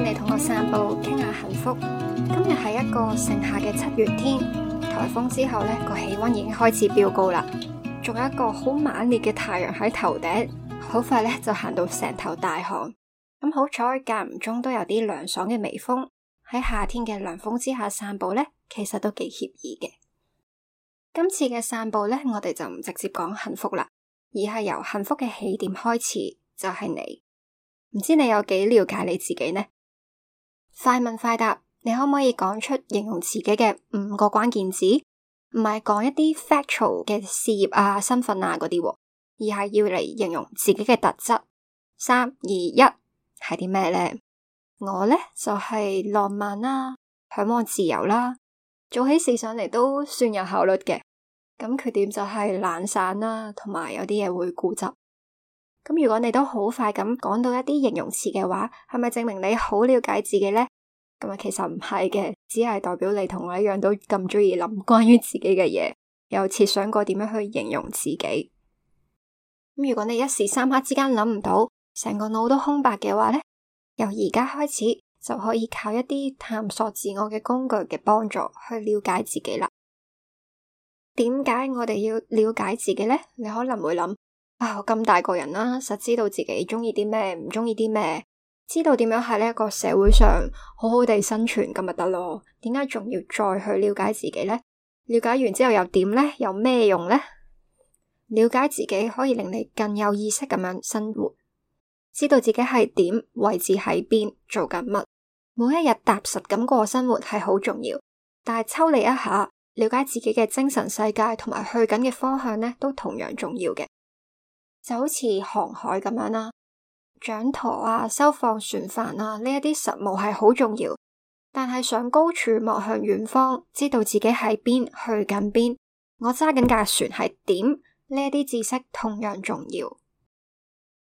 你同我散步，傾下幸福。今日係一個盛夏嘅七月天，颱風之後呢個氣溫已經開始飆高啦，仲有一個好猛烈嘅太陽喺頭頂，好快呢就行到成頭大汗。咁好彩間唔中都有啲涼爽嘅微風，喺夏天嘅涼風之下散步呢，其實都幾愜意嘅。今次嘅散步呢，我哋就唔直接講幸福啦，而係由幸福嘅起點開始，就係你。唔知你有幾了解你自己呢？快問快答，你可唔可以講出形容自己嘅五個關鍵字？唔係講一啲 factual 嘅事業啊、身份啊嗰啲、啊，而係要嚟形容自己嘅特質。三二一，係啲咩咧？我咧就係、是、浪漫啦、啊，嚮往自由啦、啊，做起事上嚟都算有效率嘅。咁缺點就係懶散啦、啊，同埋有啲嘢會固執。咁如果你都好快咁講到一啲形容詞嘅話，係咪證明你好了解自己呢？咁啊，其實唔係嘅，只係代表你同我一樣都咁鍾意諗關於自己嘅嘢，又設想過點樣去形容自己。咁如果你一時三刻之間諗唔到，成個腦都空白嘅話咧，由而家開始就可以靠一啲探索自我嘅工具嘅幫助去了解自己啦。點解我哋要了解自己咧？你可能會諗。啊！咁大個人啦，實知道自己中意啲咩，唔中意啲咩，知道點樣喺呢一個社會上好好地生存咁咪得咯？點解仲要再去了解自己呢？了解完之後又點呢？有咩用呢？了解自己可以令你更有意識咁樣生活，知道自己係點，位置喺邊，做緊乜，每一日踏實咁過生活係好重要。但係抽離一下，了解自己嘅精神世界同埋去緊嘅方向呢，都同樣重要嘅。就好似航海咁樣啦、啊，掌舵啊、收放船帆啊，呢一啲實務係好重要。但係上高處望向遠方，知道自己喺邊，去緊邊，我揸緊架船係點，呢一啲知識同樣重要。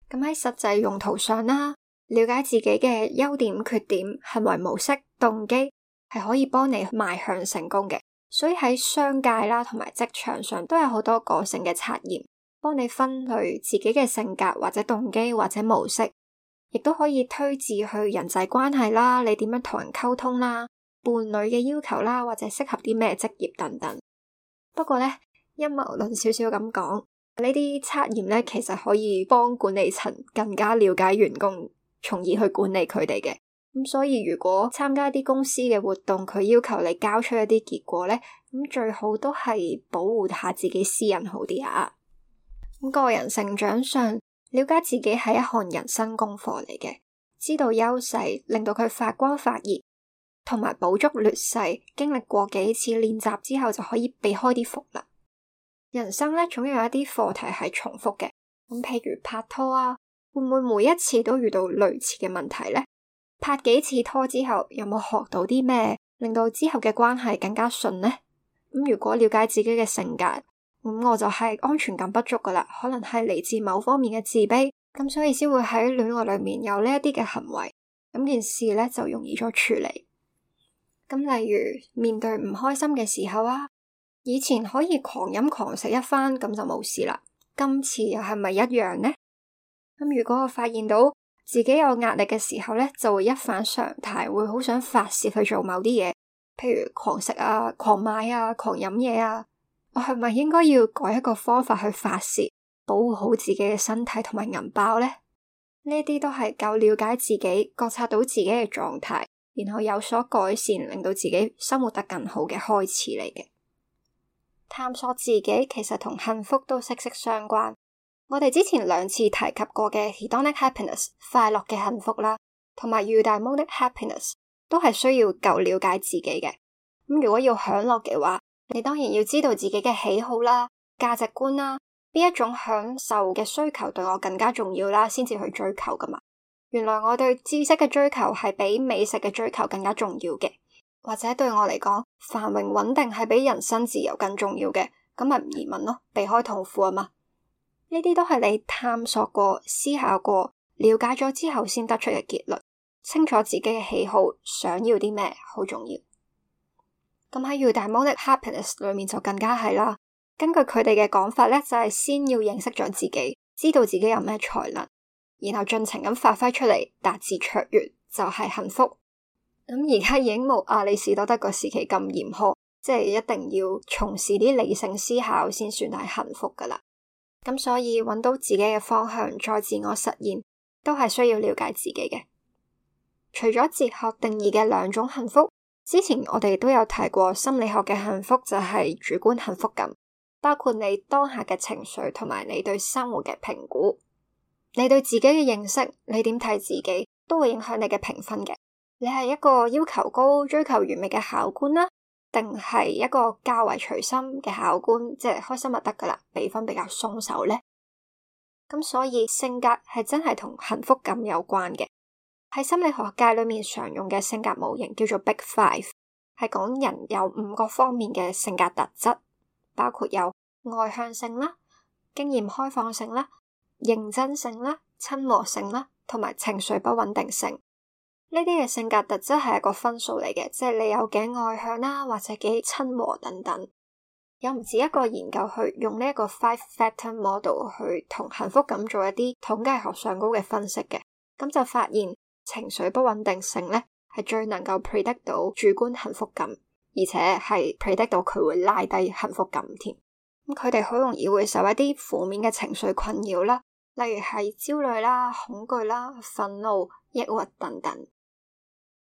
咁喺實際用途上啦、啊，了解自己嘅優點、缺點、行為模式、動機，係可以幫你邁向成功嘅。所以喺商界啦、啊，同埋職場上都有好多個性嘅測驗。幫你分類自己嘅性格，或者動機或者模式，亦都可以推至去人際關係啦，你點樣同人溝通啦，伴侶嘅要求啦，或者適合啲咩職業等等。不過咧，陰謀論少少咁講，測驗呢啲測驗咧其實可以幫管理層更加了解員工，從而去管理佢哋嘅。咁所以如果參加一啲公司嘅活動，佢要求你交出一啲結果咧，咁最好都係保護下自己私隱好啲啊！個人成長上，了解自己係一項人生功課嚟嘅，知道優勢令到佢發光發熱，同埋補足劣勢。經歷過幾次練習之後，就可以避開啲伏啦。人生咧，總有一啲課題係重複嘅。咁譬如拍拖啊，會唔會每一次都遇到類似嘅問題呢？拍幾次拖之後，有冇學到啲咩，令到之後嘅關係更加順呢？咁如果了解自己嘅性格，咁我就係安全感不足噶啦，可能係嚟自某方面嘅自卑，咁所以先會喺戀愛裏面有呢一啲嘅行為，咁件事咧就容易咗處理。咁例如面對唔開心嘅時候啊，以前可以狂飲狂食一番，咁就冇事啦。今次又係咪一樣呢？咁如果我發現到自己有壓力嘅時候咧，就會一反常態，會好想發洩去做某啲嘢，譬如狂食啊、狂買啊、狂飲嘢啊。我係咪應該要改一個方法去發洩，保護好自己嘅身體同埋銀包呢？呢啲都係夠了解自己，覺察到自己嘅狀態，然後有所改善，令到自己生活得更好嘅開始嚟嘅。探索自己其實同幸福都息息相關。我哋之前兩次提及過嘅 Hedonic Happiness 快樂嘅幸福啦，同埋 Eudaimonic Happiness 都係需要夠了解自己嘅。咁如果要享樂嘅話，你當然要知道自己嘅喜好啦、價值觀啦，邊一種享受嘅需求對我更加重要啦，先至去追求㗎嘛。原來我對知識嘅追求係比美食嘅追求更加重要嘅，或者對我嚟講繁榮穩定係比人生自由更重要嘅，咁咪唔移民咯，避開痛苦啊嘛。呢啲都係你探索過、思考過、了解咗之後先得出嘅結論。清楚自己嘅喜好、想要啲咩，好重要。咁喺《Eudemonic Happiness》裏面就更加係啦。根據佢哋嘅講法咧，就係、是、先要認識咗自己，知道自己有咩才能，然後盡情咁發揮出嚟，達至卓越就係、是、幸福。咁而家已經冇阿里士多德個時期咁嚴苛，即係一定要從事啲理性思考先算係幸福噶啦。咁所以揾到自己嘅方向，再自我實現，都係需要了解自己嘅。除咗哲學定義嘅兩種幸福。之前我哋都有提過心理學嘅幸福就係主觀幸福感，包括你當下嘅情緒同埋你對生活嘅評估，你對自己嘅認識，你點睇自己都會影響你嘅評分嘅。你係一個要求高、追求完美嘅考官啦，定係一個較為隨心嘅考官，即係開心就得噶啦，評分比較鬆手呢？咁所以性格係真係同幸福感有關嘅。喺心理學界裏面常用嘅性格模型叫做 Big Five，係講人有五個方面嘅性格特質，包括有外向性啦、經驗開放性啦、認真性啦、親和性啦，同埋情緒不穩定性。呢啲嘅性格特質係一個分數嚟嘅，即係你有幾外向啦，或者幾親和等等。有唔止一個研究去用呢一個 Five Factor Model 去同幸福感做一啲統計學上高嘅分析嘅，咁就發現。情緒不穩定性呢，係最能夠 predict 到主觀幸福感，而且係 predict 到佢會拉低幸福感添。咁佢哋好容易會受一啲負面嘅情緒困擾啦，例如係焦慮啦、恐懼啦、憤怒、抑鬱等等。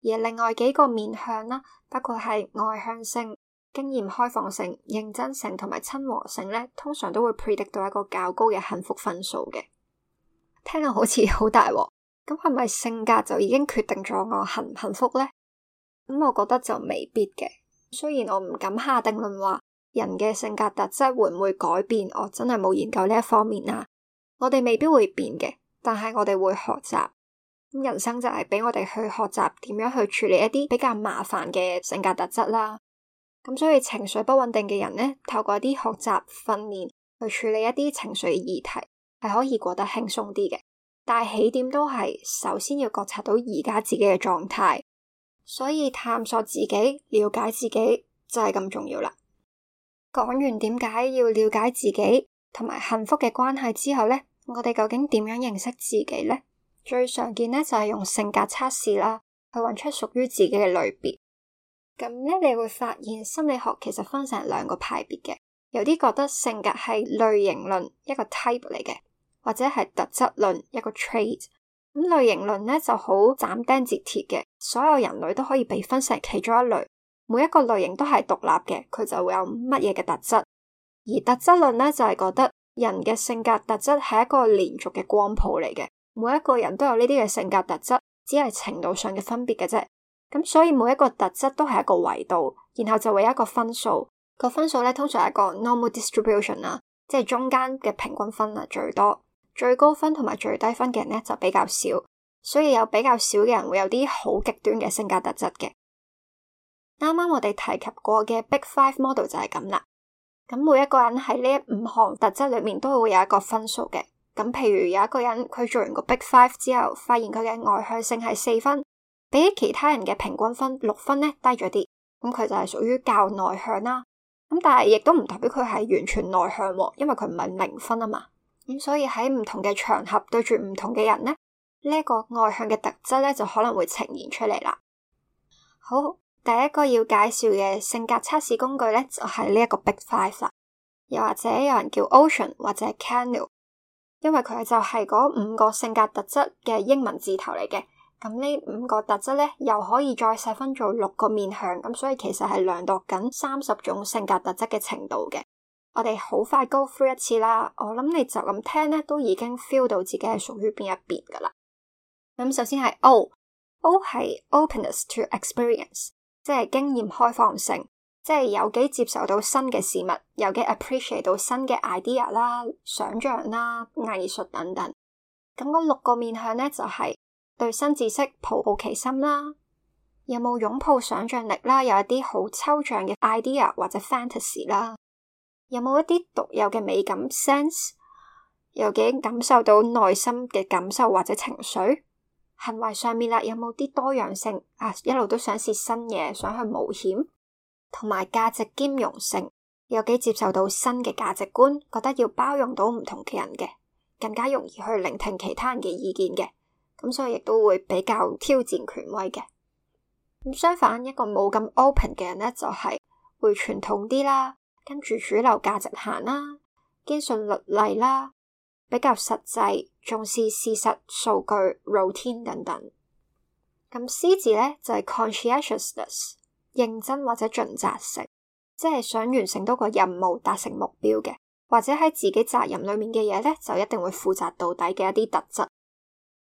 而另外幾個面向啦，包括係外向性、經驗開放性、認真性同埋親和性呢，通常都會 predict 到一個較高嘅幸福分數嘅。聽落好似好大鑊咁係咪性格就已經決定咗我幸唔幸福呢？咁我覺得就未必嘅。雖然我唔敢下定論話人嘅性格特質會唔會改變，我真係冇研究呢一方面啊。我哋未必會變嘅，但係我哋會學習。咁人生就係俾我哋去學習點樣去處理一啲比較麻煩嘅性格特質啦。咁所以情緒不穩定嘅人呢，透過一啲學習訓練去處理一啲情緒議題，係可以過得輕鬆啲嘅。但起點都係，首先要覺察到而家自己嘅狀態，所以探索自己、了解自己就係咁重要啦。講完點解要了解自己同埋幸福嘅關係之後咧，我哋究竟點樣認識自己咧？最常見咧就係用性格測試啦，去揾出屬於自己嘅類別。咁咧你會發現，心理學其實分成兩個派別嘅，有啲覺得性格係類型論一個 type 嚟嘅。或者係特質論一個 trait，咁類型論呢就好斬釘截鐵嘅，所有人類都可以被分成其中一類，每一個類型都係獨立嘅，佢就會有乜嘢嘅特質。而特質論呢，就係、是、覺得人嘅性格特質係一個連續嘅光譜嚟嘅，每一個人都有呢啲嘅性格特質，只係程度上嘅分別嘅啫。咁所以每一個特質都係一個維度，然後就會有一個分數，個分數呢，通常係一個 normal distribution 啦，即係中間嘅平均分啊最多。最高分同埋最低分嘅人呢，就比較少，所以有比較少嘅人會有啲好極端嘅性格特質嘅。啱啱我哋提及過嘅 Big Five Model 就係咁啦。咁每一個人喺呢五項特質裏面都會有一個分數嘅。咁譬如有一個人佢做完個 Big Five 之後，發現佢嘅外向性係四分，比起其他人嘅平均分六分呢，低咗啲。咁佢就係屬於較內向啦。咁但係亦都唔代表佢係完全內向，因為佢唔係零分啊嘛。咁、嗯、所以喺唔同嘅場合對住唔同嘅人呢，呢、這、一個外向嘅特質呢，就可能會呈現出嚟啦。好，第一個要介紹嘅性格測試工具呢，就係呢一個 Big Five 啦，又或者有人叫 Ocean 或者 CANOE，因為佢就係嗰五個性格特質嘅英文字頭嚟嘅。咁呢五個特質呢，又可以再細分做六個面向，咁所以其實係量度緊三十種性格特質嘅程度嘅。我哋好快 go through 一次啦，我諗你就咁聽咧，都已經 feel 到自己係屬於邊一邊噶啦。咁首先係 O，O 係 openness to experience，即係經驗開放性，即係有幾接受到新嘅事物，有幾 appreciate 到新嘅 idea 啦、想象啦、藝術等等。咁嗰六個面向咧就係對新知識抱好奇心啦，有冇擁抱想象力啦，有一啲好抽象嘅 idea 或者 fantasy 啦。有冇一啲獨有嘅美感 sense？有幾感受到內心嘅感受或者情緒？行為上面啦，有冇啲多樣性啊？一路都想試新嘢，想去冒險，同埋價值兼容性，有幾接受到新嘅價值觀，覺得要包容到唔同嘅人嘅，更加容易去聆聽其他人嘅意見嘅。咁所以亦都會比較挑戰權威嘅。咁相反，一個冇咁 open 嘅人咧，就係會傳統啲啦。跟住主流價值行啦，堅信律例啦，比較實際，重視事實數據、routine 等等。咁 C 字咧就係 conscientiousness，認真或者盡責性，即係想完成多個任務、達成目標嘅，或者喺自己責任裡面嘅嘢咧，就一定會負責到底嘅一啲特質。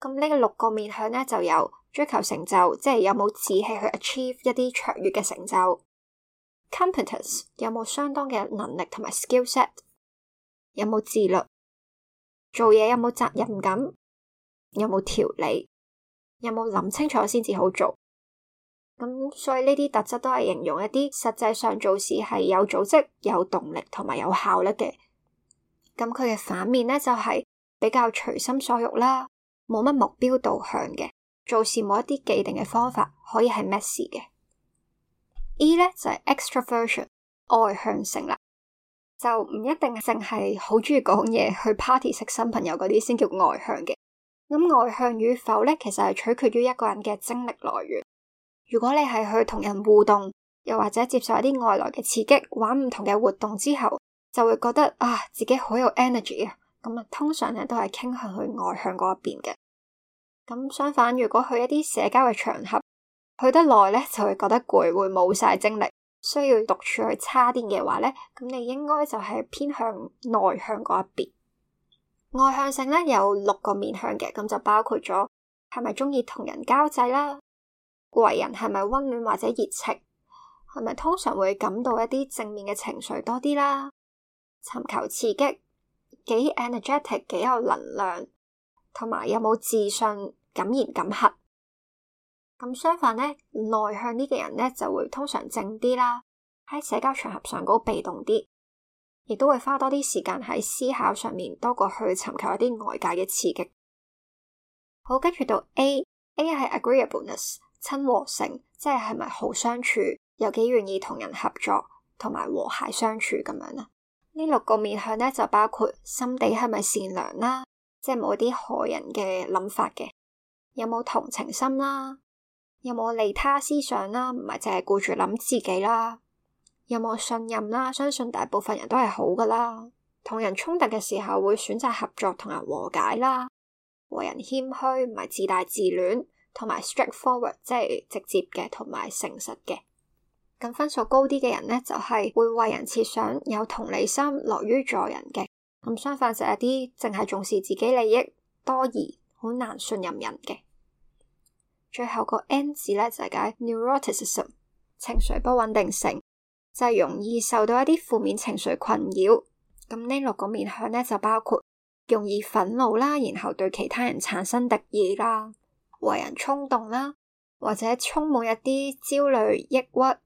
咁呢個六個面向咧就有追求成就，即係有冇志氣去 achieve 一啲卓越嘅成就。competence 有冇相當嘅能力同埋 skillset，有冇自律，做嘢有冇責任感，有冇條理，有冇諗清楚先至好做。咁所以呢啲特質都係形容一啲實際上做事係有組織、有動力同埋有效率嘅。咁佢嘅反面呢，就係比較隨心所欲啦，冇乜目標導向嘅，做事冇一啲既定嘅方法，可以係 messy 嘅。E 咧就係、是、extraversion 外向性啦，就唔一定淨係好中意講嘢去 party 識新朋友嗰啲先叫外向嘅。咁外向與否咧，其實係取決於一個人嘅精力來源。如果你係去同人互動，又或者接受一啲外來嘅刺激，玩唔同嘅活動之後，就會覺得啊自己好有 energy 啊。咁啊，通常咧都係傾向去外向嗰一邊嘅。咁相反，如果去一啲社交嘅場合，去得耐咧，就會覺得攰，會冇晒精力，需要獨處去叉電嘅話咧，咁你應該就係偏向內向嗰一邊。外向性咧有六個面向嘅，咁就包括咗係咪鍾意同人交際啦，為人係咪溫暖或者熱情，係咪通常會感到一啲正面嘅情緒多啲啦，尋求刺激，幾 energetic，幾有能量，同埋有冇自信，敢言敢行。咁相反呢，內向呢嘅人呢就會通常靜啲啦，喺社交場合上高被動啲，亦都會花多啲時間喺思考上面，多過去尋求一啲外界嘅刺激。好，跟住到 A A 係 agreeableness 親和性，即係係咪好相處，有幾願意同人合作，同埋和諧相處咁樣啊？呢六個面向呢，就包括心地係咪善良啦，即係冇啲害人嘅諗法嘅，有冇同情心啦？有冇利他思想啦？唔係淨係顧住諗自己啦。有冇信任啦？相信大部分人都係好噶啦。同人衝突嘅時候會選擇合作，同人和解啦。和人謙虛，唔係自大自戀，同埋 straightforward，即係直接嘅，同埋誠實嘅。咁分數高啲嘅人呢，就係會為人設想，有同理心，樂於助人嘅。咁相反就係啲淨係重視自己利益，多疑，好難信任人嘅。最後個 N 字咧就係解，解 neuroticism 情緒不穩定性，就係、是、容易受到一啲負面情緒困擾。咁呢六個面向咧就包括容易憤怒啦，然後對其他人產生敵意啦，為人衝動啦，或者充滿一啲焦慮、抑鬱，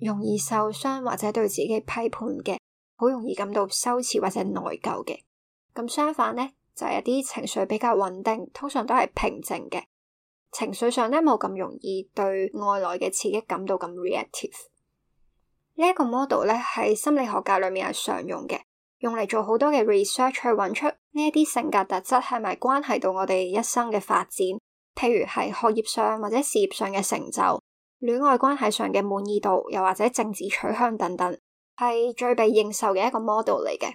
容易受傷或者對自己批判嘅，好容易感到羞恥或者內疚嘅。咁相反呢，就係、是、一啲情緒比較穩定，通常都係平靜嘅。情緒上咧冇咁容易對外來嘅刺激感到咁 reactive。這個、呢一個 model 咧係心理學界裏面係常用嘅，用嚟做好多嘅 research 去揾出呢一啲性格特質係咪關係到我哋一生嘅發展，譬如係學業上或者事業上嘅成就、戀愛關係上嘅滿意度，又或者政治取向等等，係最被認受嘅一個 model 嚟嘅。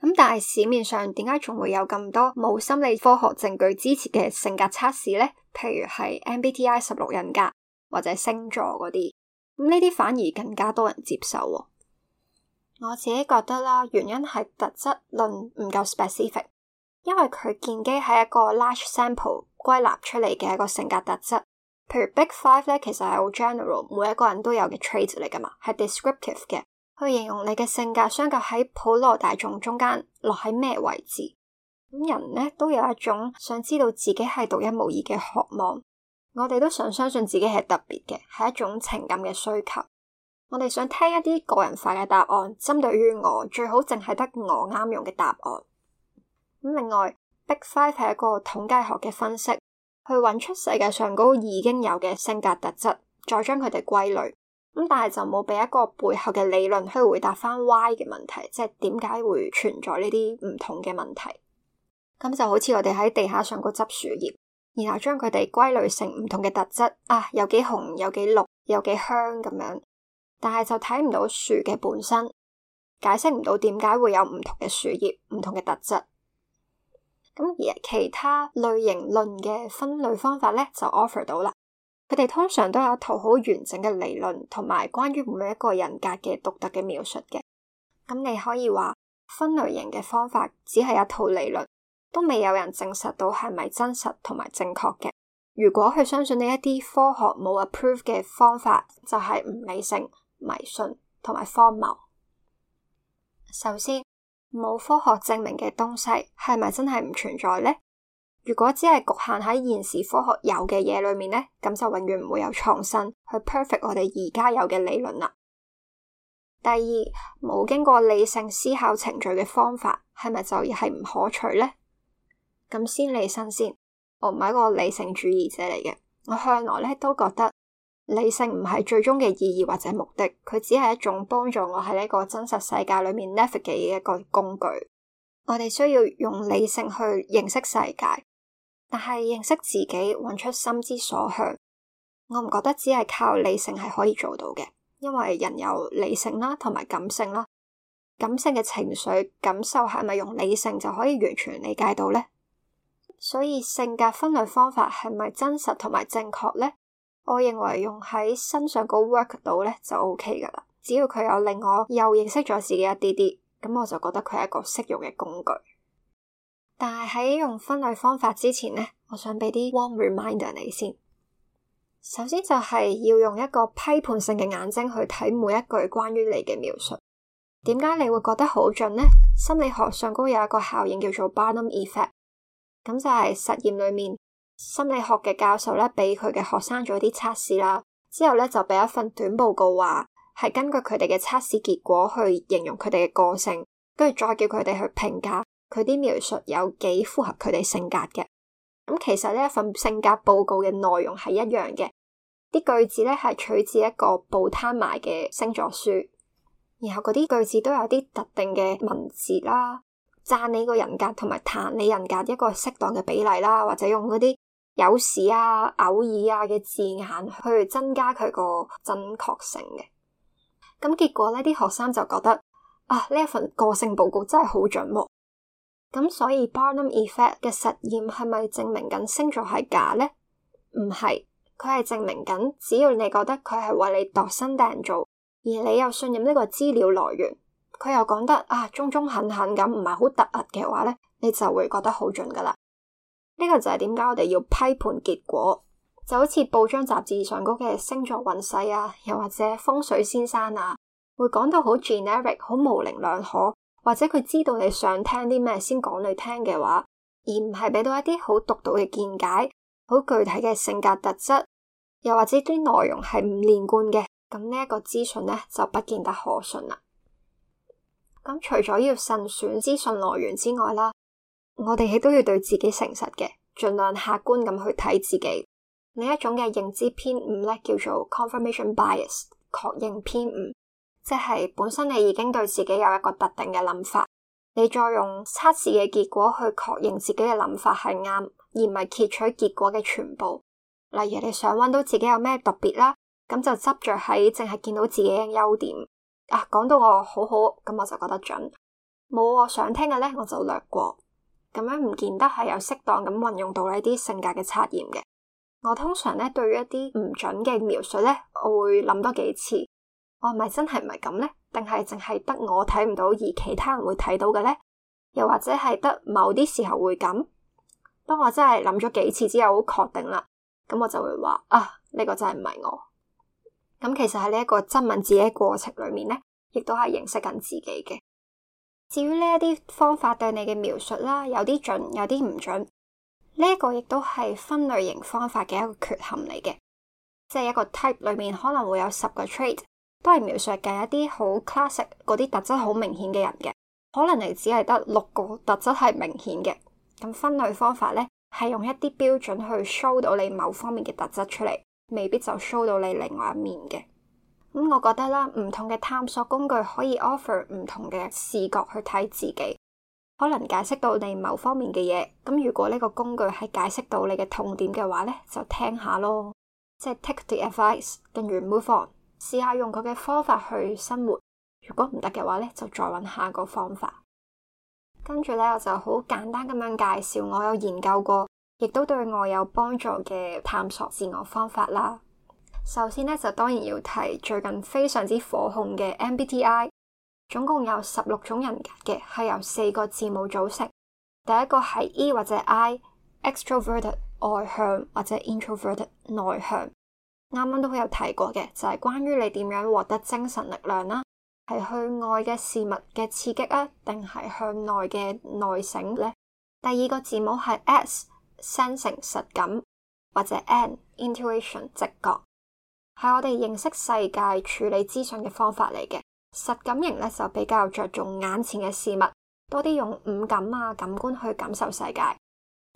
咁但係市面上點解仲會有咁多冇心理科學證據支持嘅性格測試呢？譬如係 MBTI 16人格或者星座嗰啲，咁呢啲反而更加多人接受喎。我自己覺得啦，原因係特質論唔夠 specific，因為佢建基喺一個 large sample 歸納出嚟嘅一個性格特質，譬如 Big Five 咧，其實係好 general，每一個人都有嘅 trait 嚟噶嘛，係 descriptive 嘅。去形容你嘅性格，相較喺普羅大眾中間，落喺咩位置？咁人呢，都有一種想知道自己係獨一無二嘅渴望，我哋都想相信自己係特別嘅，係一種情感嘅需求。我哋想聽一啲個人化嘅答案，針對於我最好淨係得我啱用嘅答案。咁另外，Big Five 係一個統計學嘅分析，去揾出世界上已經有嘅性格特質，再將佢哋歸類。咁但係就冇俾一個背後嘅理論去回答翻 why 嘅問題，即係點解會存在呢啲唔同嘅問題？咁就好似我哋喺地下上個執樹葉，然後將佢哋歸類成唔同嘅特質啊，有幾紅有幾綠有幾香咁樣，但係就睇唔到樹嘅本身，解釋唔到點解會有唔同嘅樹葉、唔同嘅特質。咁而其他類型論嘅分類方法咧，就 offer 到啦。佢哋通常都有一套好完整嘅理論，同埋關於每一個人格嘅獨特嘅描述嘅。咁你可以話，分類型嘅方法只係一套理論，都未有人證實到係咪真實同埋正確嘅。如果佢相信呢一啲科學冇 approve 嘅方法，就係唔理性、迷信同埋荒謬。首先，冇科學證明嘅東西係咪真係唔存在呢？如果只係局限喺現時科學有嘅嘢裏面呢，咁就永遠唔會有創新去 perfect 我哋而家有嘅理論啦。第二，冇經過理性思考程序嘅方法係咪就係唔可取呢？咁先理身先，我唔係一個理性主義者嚟嘅，我向來呢都覺得理性唔係最終嘅意義或者目的，佢只係一種幫助我喺呢個真實世界裏面 navigate 嘅一個工具。我哋需要用理性去認識世界。但係認識自己，揾出心之所向，我唔覺得只係靠理性係可以做到嘅，因為人有理性啦，同埋感性啦，感性嘅情緒感受係咪用理性就可以完全理解到呢？所以性格分類方法係咪真實同埋正確呢？我認為用喺身上嗰 work 度呢就 OK 噶啦，只要佢有令我又認識咗自己一啲啲，咁我就覺得佢係一個適用嘅工具。但係喺用分類方法之前呢，我想畀啲 warm reminder 你先。首先就係要用一個批判性嘅眼睛去睇每一句關於你嘅描述。點解你會覺得好準呢？心理學上高有一個效應叫做 Barnum Effect，咁就係實驗裏面心理學嘅教授咧，俾佢嘅學生做啲測試啦，之後咧就俾一份短報告話係根據佢哋嘅測試結果去形容佢哋嘅個性，跟住再叫佢哋去評價。佢啲描述有幾符合佢哋性格嘅。咁其實呢一份性格報告嘅內容係一樣嘅，啲句子咧係取自一個報攤賣嘅星座書，然後嗰啲句子都有啲特定嘅文字啦，讚你個人格同埋彈你人格一個適當嘅比例啦，或者用嗰啲有時啊、偶爾啊嘅字眼去增加佢個準確性嘅。咁結果呢啲學生就覺得啊，呢一份個性報告真係好準，啊。咁所以 Barnum Effect 嘅實驗係咪證明緊星座係假呢？唔係，佢係證明緊，只要你覺得佢係為你度身訂做，而你又信任呢個資料來源，佢又講得啊中中肯肯咁，唔係好突兀嘅話咧，你就會覺得好準噶啦。呢個就係點解我哋要批判結果，就好似報章雜誌上嗰嘅星座運勢啊，又或者風水先生啊，會講到好 generic，好模稜兩可。或者佢知道你想聽啲咩先講你聽嘅話，而唔係畀到一啲好獨到嘅見解，好具體嘅性格特質，又或者啲內容係唔連貫嘅，咁呢一個資訊咧就不見得可信啦。咁除咗要慎選資訊來源之外啦，我哋亦都要對自己誠實嘅，盡量客觀咁去睇自己。另一種嘅認知偏誤咧，叫做 confirmation bias，確認偏誤。即係本身你已經對自己有一個特定嘅諗法，你再用測試嘅結果去確認自己嘅諗法係啱，而唔係揭取結果嘅全部。例如你想揾到自己有咩特別啦，咁就執着喺淨係見到自己嘅優點。啊，講到我好好，咁我就覺得準。冇我想聽嘅呢，我就略過。咁樣唔見得係有適當咁運用到呢啲性格嘅測驗嘅。我通常咧對於一啲唔準嘅描述呢，我會諗多幾次。我係咪真係唔係咁呢？定係淨係得我睇唔到，而其他人會睇到嘅呢？又或者係得某啲時候會咁？當我真係諗咗幾次之後，好確定啦，咁我就會話啊，呢個真係唔係我。咁其實喺呢一個質問自己嘅過程裏面呢，亦都係認識緊自己嘅。至於呢一啲方法對你嘅描述啦，有啲準，有啲唔準。呢一個亦都係分類型方法嘅一個缺陷嚟嘅，即係一個 type 裏面可能會有十個 trait，都係描述緊一啲好 classic 嗰啲特質好明顯嘅人嘅，可能你只係得六個特質係明顯嘅。咁分類方法呢，係用一啲標準去 show 到你某方面嘅特質出嚟，未必就 show 到你另外一面嘅。咁我覺得啦，唔同嘅探索工具可以 offer 唔同嘅視覺去睇自己，可能解釋到你某方面嘅嘢。咁如果呢個工具係解釋到你嘅痛點嘅話呢，就聽下咯，即係 take the advice，跟住 move on。試下用佢嘅方法去生活，如果唔得嘅話咧，就再揾下一個方法。跟住咧，我就好簡單咁樣介紹我有研究過，亦都對我有幫助嘅探索自我方法啦。首先咧，就當然要提最近非常之火紅嘅 MBTI，總共有十六種人格嘅，係由四個字母組成。第一個係 E 或者 I，Extroverted 外向或者 Introverted 內向。啱啱都有提過嘅，就係、是、關於你點樣獲得精神力量啦，係去外嘅事物嘅刺激啊，定係向內嘅內省呢？第二個字母係 S，sensing 實感或者 N，intuition 直覺，係我哋認識世界、處理資訊嘅方法嚟嘅。實感型咧就比較着重眼前嘅事物，多啲用五感啊感官去感受世界。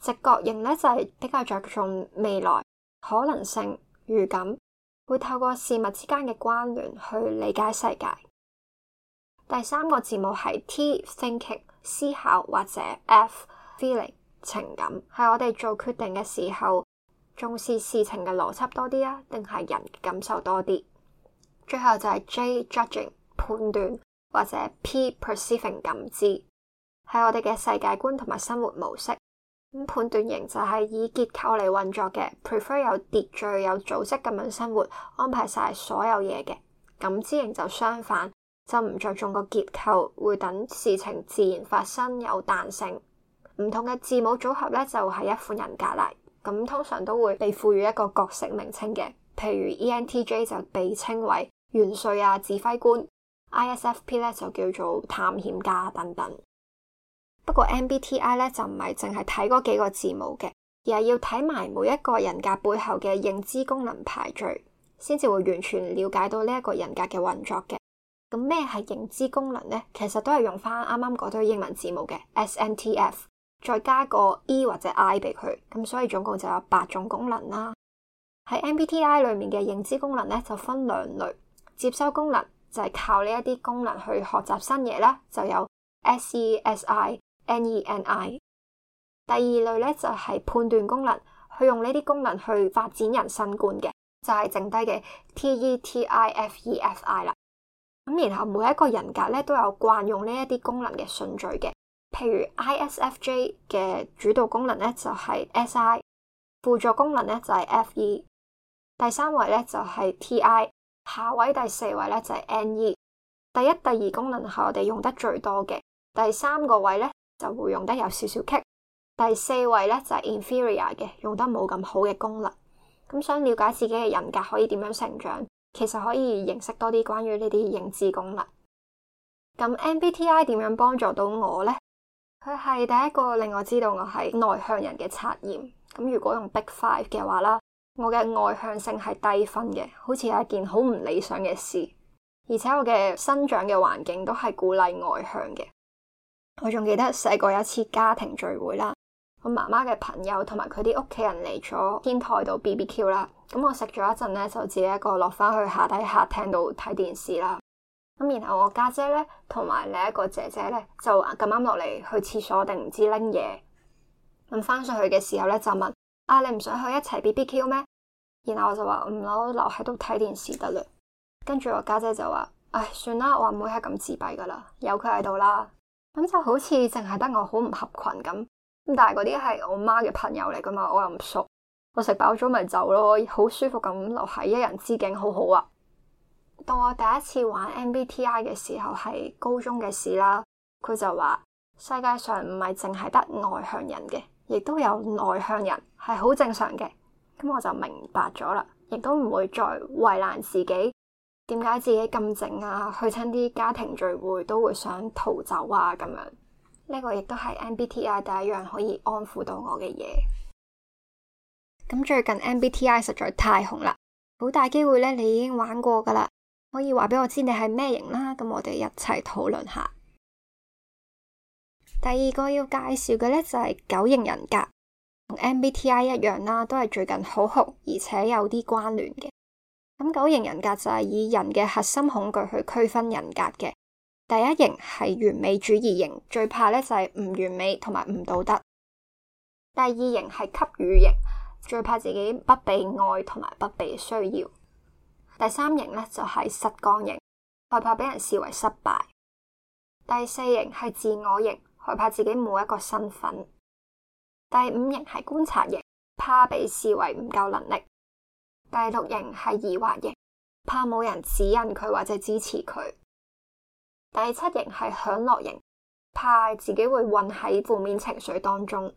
直覺型咧就係、是、比較着重未來可能性。預感會透過事物之間嘅關聯去理解世界。第三個字母係 T thinking 思考或者 F feeling 情感，係我哋做決定嘅時候重視事情嘅邏輯多啲啊，定係人感受多啲？最後就係 J judging 判斷或者 P perceiving 感知，係我哋嘅世界觀同埋生活模式。判斷型就係以結構嚟運作嘅，prefer 有秩序、有組織咁樣生活，安排晒所有嘢嘅。咁知型就相反，就唔着重個結構，會等事情自然發生，有彈性。唔同嘅字母組合咧，就係一款人格嚟。咁通常都會被賦予一個角色名稱嘅，譬如 ENTJ 就被稱為元帥啊、指揮官；ISFP 咧就叫做探險家等等。不過 MBTI 咧就唔係淨係睇嗰幾個字母嘅，而係要睇埋每一個人格背後嘅認知功能排序，先至會完全了解到呢一個人格嘅運作嘅。咁咩係認知功能呢？其實都係用翻啱啱嗰堆英文字母嘅 SNTF，再加個 E 或者 I 俾佢，咁所以總共就有八種功能啦。喺 MBTI 裏面嘅認知功能咧就分兩類，接收功能就係靠呢一啲功能去學習新嘢啦，就有 S、E、S、I。N E N I。第二類咧就係判斷功能，去用呢啲功能去發展人生觀嘅，就係、是、剩低嘅 T E T I F E F I 啦。咁然後每一一個人格咧都有慣用呢一啲功能嘅順序嘅，譬如 I S F J 嘅主導功能咧就係 S I，輔助功能咧就係 F E，第三位咧就係 T I，下位第四位咧就係 N E。第一、第二功能係我哋用得最多嘅，第三個位咧。就會用得有少少 k 第四位咧就係、是、Inferior 嘅，用得冇咁好嘅功能。咁、嗯、想了解自己嘅人格可以點樣成長，其實可以認識多啲關於呢啲認知功能。咁、嗯、MBTI 點樣幫助到我呢？佢係第一個令我知道我係內向人嘅測驗。咁、嗯、如果用 Big Five 嘅話啦，我嘅外向性係低分嘅，好似係一件好唔理想嘅事。而且我嘅生長嘅環境都係鼓勵外向嘅。我仲記得細個有一次家庭聚會啦，我媽媽嘅朋友同埋佢啲屋企人嚟咗天台度 B B Q 啦。咁我食咗一陣咧，就自己一個落翻去下底客廳度睇電視啦。咁然後我家姐咧同埋另一個姐姐咧就咁啱落嚟去廁所定唔知拎嘢，咁翻上去嘅時候咧就問啊，你唔想去一齊 B B Q 咩？然後我就話唔好，留喺度睇電視得嘞。跟住我家姐就話唉，算啦，我阿妹係咁自閉噶啦，由佢喺度啦。咁就好似淨係得我好唔合群咁，咁但係嗰啲係我媽嘅朋友嚟噶嘛，我又唔熟，我食飽咗咪走咯，好舒服咁留喺一人之境，好好啊。當我第一次玩 MBTI 嘅時候係高中嘅事啦，佢就話世界上唔係淨係得外向人嘅，亦都有內向人，係好正常嘅。咁我就明白咗啦，亦都唔會再為難自己。點解自己咁靜啊？去親啲家庭聚會都會想逃走啊，咁樣呢、這個亦都係 MBTI 第一樣可以安撫到我嘅嘢。咁最近 MBTI 實在太紅啦，好大機會咧，你已經玩過噶啦，可以話畀我知你係咩型啦。咁我哋一齊討論下。第二個要介紹嘅呢，就係九型人格，同 MBTI 一樣啦，都係最近好紅，而且有啲關聯嘅。咁九型人格就係以人嘅核心恐懼去區分人格嘅。第一型係完美主義型，最怕咧就係唔完美同埋唔道德。第二型係給予型，最怕自己不被愛同埋不被需要。第三型咧就係、是、實幹型，害怕俾人視為失敗。第四型係自我型，害怕自己冇一個身份。第五型係觀察型，怕被視為唔夠能力。第六型係疑惑型，怕冇人指引佢或者支持佢；第七型係享樂型，怕自己會混喺負面情緒當中；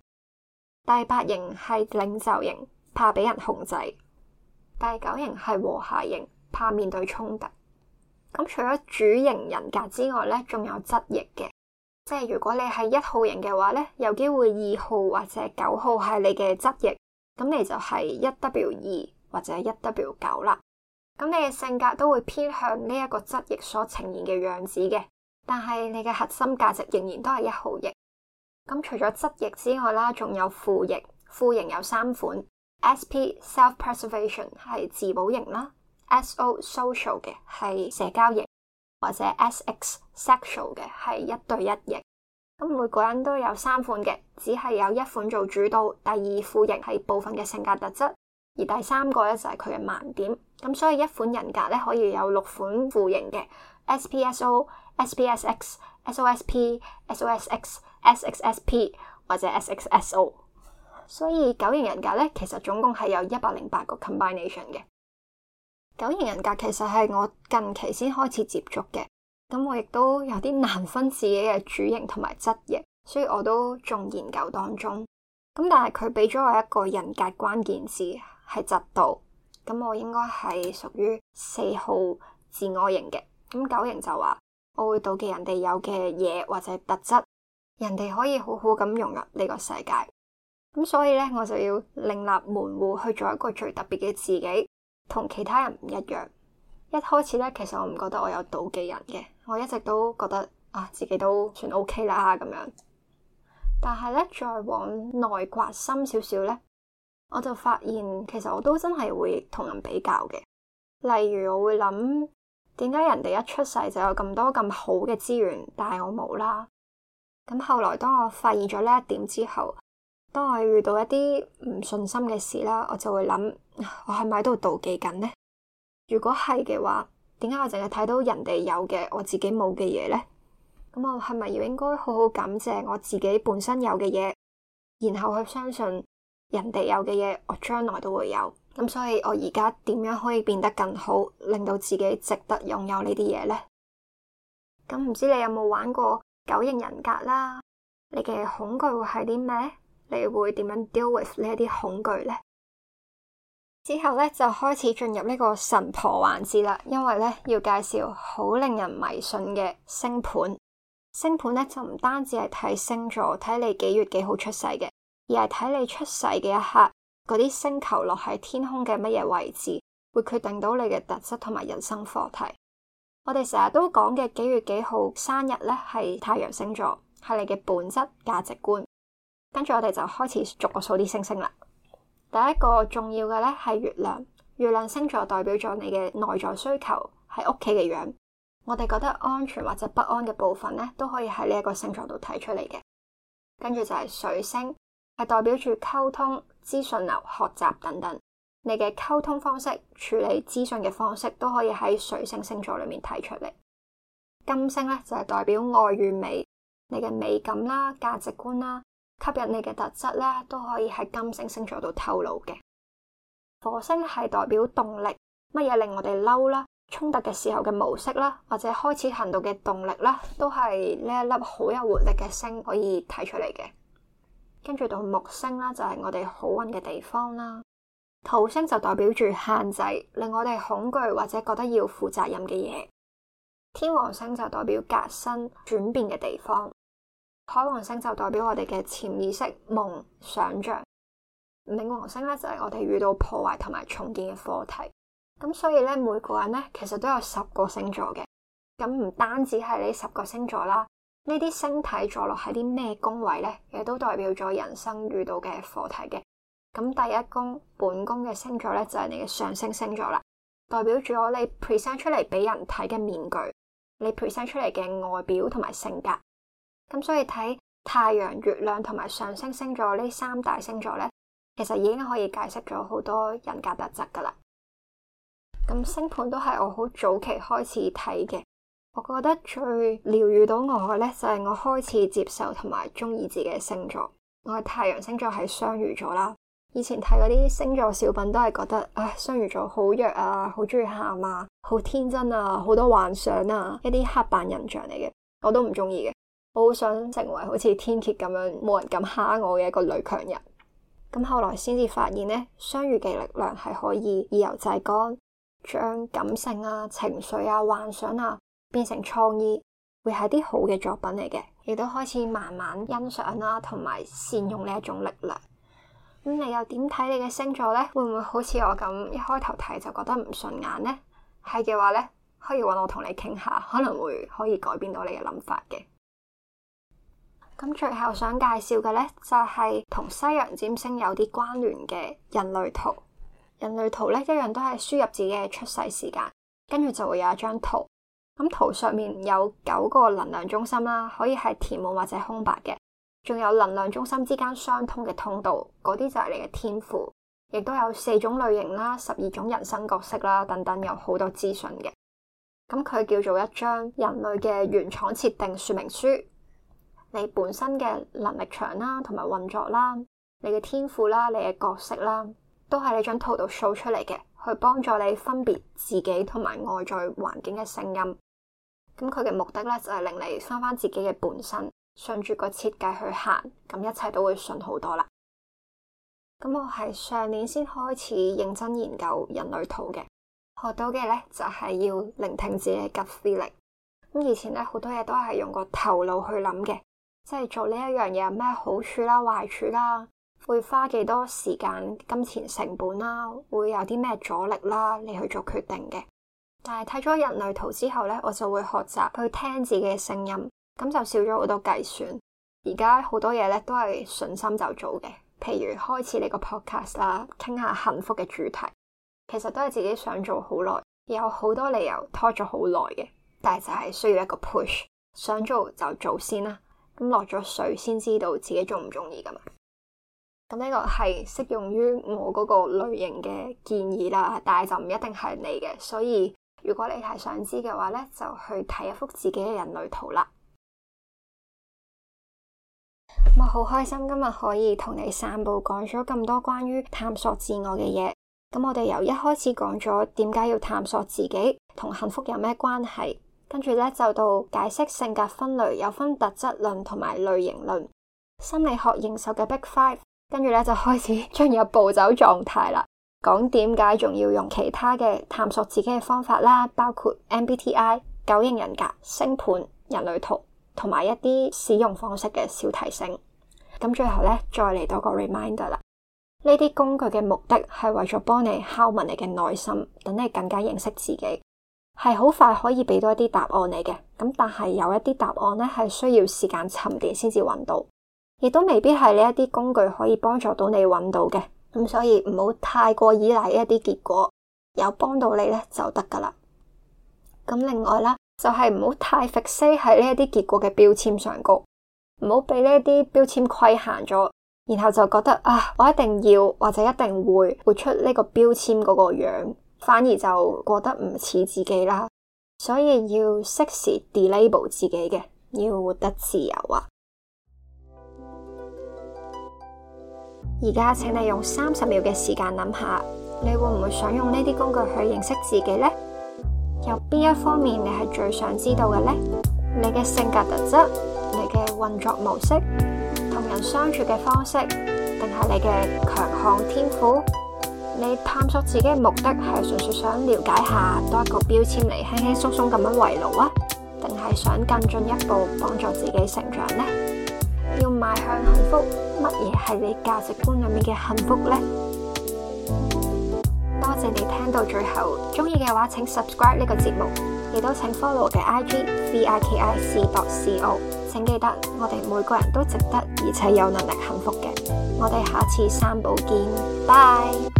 第八型係領袖型，怕俾人控制；第九型係和諧型，怕面對衝突。咁除咗主型人格之外咧，仲有側翼嘅，即係如果你係一號型嘅話咧，有機會二號或者九號係你嘅側翼，咁你就係一 W 二。或者一 W 九啦，咁你嘅性格都會偏向呢一個質翼所呈現嘅樣子嘅，但係你嘅核心價值仍然都係一號型。咁除咗質翼之外啦，仲有副型，副型有三款：S.P. self preservation 係自保型啦，S.O. social 嘅係社交型，或者 S.X. sexual 嘅係一對一型。咁每個人都有三款嘅，只係有一款做主導，第二副型係部分嘅性格特質。而第三個咧就係佢嘅盲點，咁所以一款人格咧可以有六款副型嘅 S, o, S, X, S P S O、S P S X、S O S P、S O S X、S X S P 或者 S X S O。所以九型人格咧其實總共係有一百零八個 combination 嘅。九型人格其實係我近期先開始接觸嘅，咁我亦都有啲難分自己嘅主型同埋質型，所以我都仲研究當中。咁但係佢俾咗我一個人格關鍵字。係嫉妒度，咁我應該係屬於四號自我型嘅。咁九型就話我會妒忌人哋有嘅嘢或者特質，人哋可以好好咁融入呢個世界。咁所以呢，我就要另立門戶去做一個最特別嘅自己，同其他人唔一樣。一開始呢，其實我唔覺得我有妒忌人嘅，我一直都覺得啊，自己都算 OK 啦咁樣。但係呢，再往內刮深少少呢。我就發現，其實我都真係會同人比較嘅。例如，我會諗點解人哋一出世就有咁多咁好嘅資源，但係我冇啦。咁後來，當我發現咗呢一點之後，當我遇到一啲唔順心嘅事啦，我就會諗我係咪喺度妒忌緊呢？如果係嘅話，點解我淨係睇到人哋有嘅，我自己冇嘅嘢呢？咁我係咪要應該好好感謝我自己本身有嘅嘢，然後去相信。人哋有嘅嘢，我將來都會有咁所以我而家點樣可以變得更好，令到自己值得擁有呢啲嘢呢？咁唔知你有冇玩過九型人格啦？你嘅恐懼會係啲咩？你會點樣 deal with 呢啲恐懼呢？之後呢，就開始進入呢個神婆環節啦，因為呢要介紹好令人迷信嘅星盤。星盤呢，就唔單止係睇星座，睇你幾月幾號出世嘅。而係睇你出世嘅一刻，嗰啲星球落喺天空嘅乜嘢位置，會決定到你嘅特質同埋人生課題。我哋成日都講嘅幾月幾號生日呢，係太陽星座，係你嘅本質價值觀。跟住我哋就開始逐個數啲星星啦。第一個重要嘅呢，係月亮，月亮星座代表咗你嘅內在需求，係屋企嘅樣。我哋覺得安全或者不安嘅部分呢，都可以喺呢一個星座度睇出嚟嘅。跟住就係水星。係代表住溝通、資訊流、學習等等，你嘅溝通方式、處理資訊嘅方式都可以喺水星星座裏面睇出嚟。金星咧就係代表愛與美，你嘅美感啦、價值觀啦、吸引你嘅特質啦，都可以喺金星星座度透露嘅。火星係代表動力，乜嘢令我哋嬲啦、衝突嘅時候嘅模式啦，或者開始行動嘅動力啦，都係呢一粒好有活力嘅星可以睇出嚟嘅。跟住到木星啦，就係我哋好運嘅地方啦。土星就代表住限制，令我哋恐懼或者覺得要負責任嘅嘢。天王星就代表革新、轉變嘅地方。海王星就代表我哋嘅潛意識、夢、想象。冥王星咧就係我哋遇到破壞同埋重建嘅課題。咁所以咧，每個人咧其實都有十個星座嘅。咁唔單止係你十個星座啦。呢啲星體坐落喺啲咩宮位呢？亦都代表咗人生遇到嘅課題嘅。咁第一宮本宮嘅星座呢，就係你嘅上升星座啦，代表咗你 present 出嚟俾人睇嘅面具，你 present 出嚟嘅外表同埋性格。咁所以睇太陽、月亮同埋上升星座呢三大星座呢，其實已經可以解釋咗好多人格特質噶啦。咁星盤都係我好早期開始睇嘅。我覺得最療愈到我嘅咧，就係我開始接受同埋中意自己嘅星座。我嘅太陽星座係雙魚座啦。以前睇嗰啲星座小品都係覺得唉，雙魚座好弱啊，好中意喊啊，好天真啊，好多幻想啊，一啲刻板印象嚟嘅，我都唔中意嘅。我好想成為好似天蠍咁樣冇人敢蝦我嘅一個女強人。咁後來先至發現呢，雙魚嘅力量係可以以柔制剛，將感性啊、情緒啊、幻想啊。變成創意會係啲好嘅作品嚟嘅，亦都開始慢慢欣賞啦，同埋善用呢一種力量。咁你又點睇你嘅星座呢？會唔會好似我咁一開頭睇就覺得唔順眼呢？係嘅話呢，可以揾我同你傾下，可能會可以改變到你嘅諗法嘅。咁最後想介紹嘅呢，就係同西洋占星有啲關聯嘅人類圖。人類圖呢一樣都係輸入自己嘅出世時間，跟住就會有一張圖。咁圖上面有九個能量中心啦，可以係填滿或者空白嘅，仲有能量中心之間相通嘅通道，嗰啲就係你嘅天賦，亦都有四種類型啦、十二種人生角色啦等等有，有好多資訊嘅。咁佢叫做一張人類嘅原廠設定說明書，你本身嘅能力場啦、同埋運作啦、你嘅天賦啦、你嘅角色啦，都係你將圖度掃出嚟嘅，去幫助你分別自己同埋外在環境嘅聲音。咁佢嘅目的咧就係、是、令你翻翻自己嘅本身，順住個設計去行，咁一切都會順好多啦。咁我係上年先開始認真研究人類圖嘅，學到嘅呢，就係、是、要聆聽自己嘅 feel 力。咁以前呢，好多嘢都係用個頭腦去諗嘅，即係做呢一樣嘢有咩好處啦、啊、壞處啦、啊，會花幾多時間、金錢成本啦、啊，會有啲咩阻力啦、啊，你去做決定嘅。但係睇咗人類圖之後呢，我就會學習去聽自己嘅聲音，咁就少咗好多計算。而家好多嘢呢，都係順心就做嘅，譬如開始你個 podcast 啦，傾下幸福嘅主題，其實都係自己想做好耐，有好多理由拖咗好耐嘅，但係就係需要一個 push，想做就做先啦。咁落咗水先知道自己中唔中意噶嘛。咁呢個係適用於我嗰個類型嘅建議啦，但係就唔一定係你嘅，所以。如果你係想知嘅話呢，就去睇一幅自己嘅人類圖啦，嗯。我好開心今日可以同你散步，講咗咁多關於探索自我嘅嘢。咁我哋由一開始講咗點解要探索自己，同幸福有咩關係，跟住呢就到解釋性格分類，有分特質論同埋類型論，心理學認受嘅 Big Five，跟住呢，就開始進 入暴走狀態啦。講點解仲要用其他嘅探索自己嘅方法啦，包括 MBTI、九型人格、星盤、人類圖，同埋一啲使用方式嘅小提醒。咁最後咧，再嚟多個 reminder 啦。呢啲工具嘅目的係為咗幫你敲問你嘅內心，等你更加認識自己，係好快可以俾多一啲答案你嘅。咁但係有一啲答案咧，係需要時間沉澱先至揾到，亦都未必係呢一啲工具可以幫助到你揾到嘅。咁所以唔好太過依賴一啲結果，有幫到你咧就得噶啦。咁另外啦，就係唔好太 fix 喺呢一啲結果嘅標籤上高，唔好俾呢啲標籤規限咗，然後就覺得啊，我一定要或者一定會活出呢個標籤嗰個樣，反而就覺得唔似自己啦。所以要適時 delabel 自己嘅，要活得自由啊。而家請你用三十秒嘅時間諗下，你會唔會想用呢啲工具去認識自己呢？有邊一方面你係最想知道嘅呢？你嘅性格特質、你嘅運作模式、同人相處嘅方式，定係你嘅強項天賦？你探索自己嘅目的係純粹想了解下多一個標籤嚟輕輕鬆鬆咁樣圍爐啊，定係想更進一步幫助自己成長呢？要邁向幸福。乜嘢係你價值觀裏面嘅幸福呢？多謝你聽到最後，中意嘅話請 subscribe 呢個節目，亦都請 follow 嘅 IG VIKI 是多四奧。請記得，我哋每個人都值得而且有能力幸福嘅。我哋下次散步見，Bye。